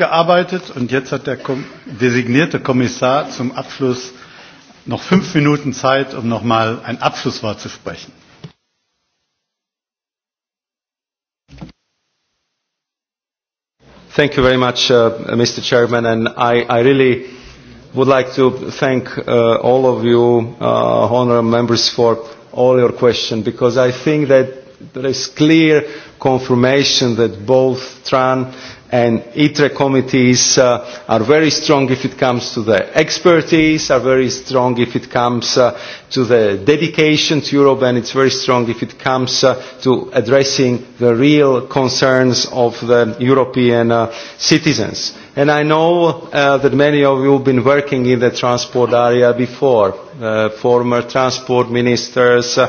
abgearbeitet und jetzt hat der designierte Kommissar zum Abschluss noch fünf Minuten Zeit, um noch mal ein Abschlusswort zu sprechen. Thank you very much, uh, Mr. Chairman, and I, I really would like to thank uh, all of you, uh, honorable members, for all your questions, because I think that there is clear confirmation that both TRAN and ITRE committees uh, are very strong if it comes to the expertise, are very strong if it comes uh, to the dedication to Europe, and it's very strong if it comes uh, to addressing the real concerns of the European uh, citizens. And I know uh, that many of you have been working in the transport area before Uh, former transport ministers, uh,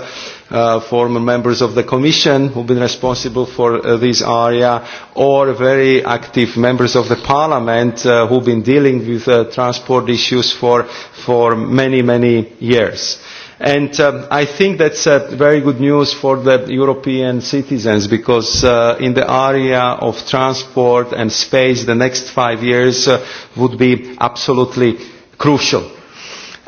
uh, former members of the commission who've been responsible for uh, this area, or very active members of the parliament uh, who've been dealing with uh, transport issues for, for many, many years. And um, I think that's uh, very good news for the European citizens because uh, in the area of transport and space, the next five years uh, would be absolutely crucial.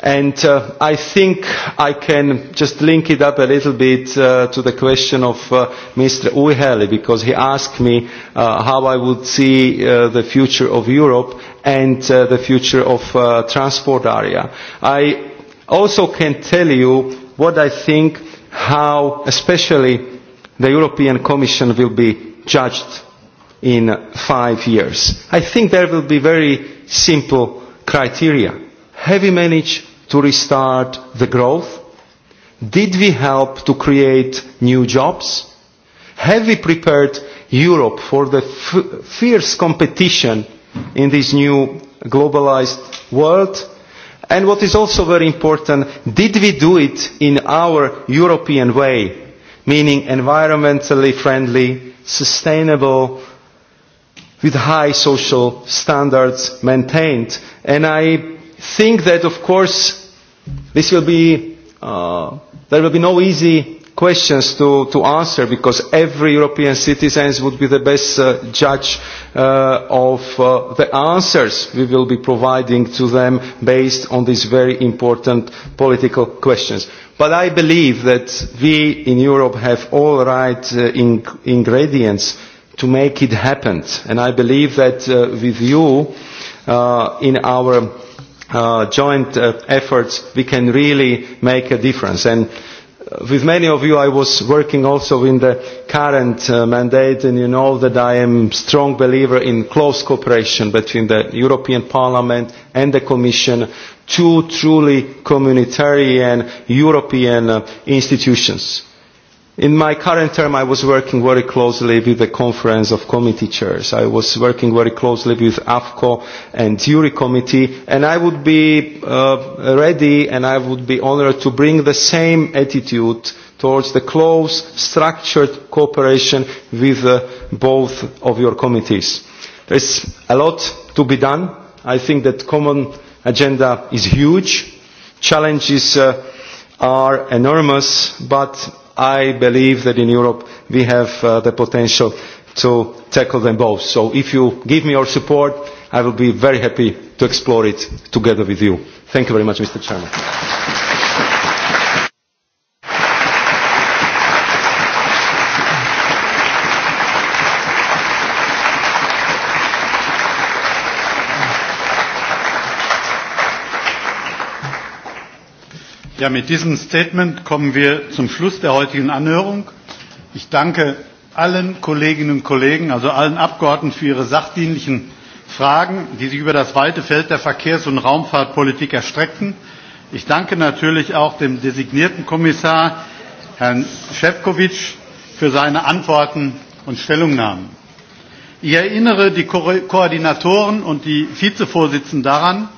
And uh, I think I can just link it up a little bit uh, to the question of uh, Mr. Uihali because he asked me uh, how I would see uh, the future of Europe and uh, the future of uh, transport area. I also can tell you what I think how especially the European Commission will be judged in five years. I think there will be very simple criteria. Have you managed to restart the growth? Did we help to create new jobs? Have we prepared Europe for the f fierce competition in this new globalized world? And what is also very important, did we do it in our European way, meaning environmentally friendly, sustainable, with high social standards maintained? And I think that, of course, This will be, uh, there will be no easy questions to, to answer because every European citizen would be the best uh, judge uh, of uh, the answers we will be providing to them based on these very important political questions. But I believe that we in Europe have all the right uh, in ingredients to make it happen. And I believe that uh, with you uh, in our uh, joint uh, efforts, we can really make a difference. And uh, with many of you, I was working also in the current uh, mandate, and you know that I am a strong believer in close cooperation between the European Parliament and the Commission, two truly communitarian European uh, institutions In my current term, I was working very closely with the Conference of Committee Chairs. I was working very closely with AFCO and Jury Committee, and I would be uh, ready and I would be honored to bring the same attitude towards the close, structured cooperation with uh, both of your committees. There's a lot to be done. I think that common agenda is huge. Challenges uh, are enormous, but I believe that in Europe we have uh, the potential to tackle them both. So if you give me your support, I will be very happy to explore it together with you. Thank you very much, Mr. Chairman. Ja, mit diesem Statement kommen wir zum Schluss der heutigen Anhörung. Ich danke allen Kolleginnen und Kollegen, also allen Abgeordneten für ihre sachdienlichen Fragen, die sich über das weite Feld der Verkehrs- und Raumfahrtpolitik erstreckten. Ich danke natürlich auch dem designierten Kommissar, Herrn Schefcovic, für seine Antworten und Stellungnahmen. Ich erinnere die Ko Koordinatoren und die Vizevorsitzenden daran,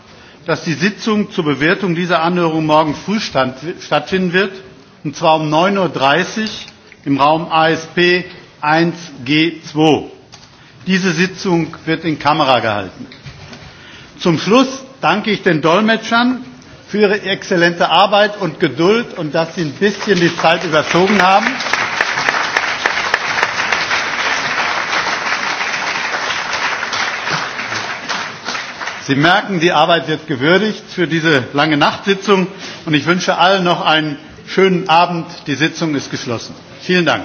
dass die Sitzung zur Bewertung dieser Anhörung morgen früh stand, stattfinden wird, und zwar um 9.30 Uhr im Raum ASP 1G2. Diese Sitzung wird in Kamera gehalten. Zum Schluss danke ich den Dolmetschern für ihre exzellente Arbeit und Geduld und dass sie ein bisschen die Zeit überzogen haben. Sie merken, die Arbeit wird gewürdigt für diese lange Nachtsitzung und ich wünsche allen noch einen schönen Abend. Die Sitzung ist geschlossen. Vielen Dank.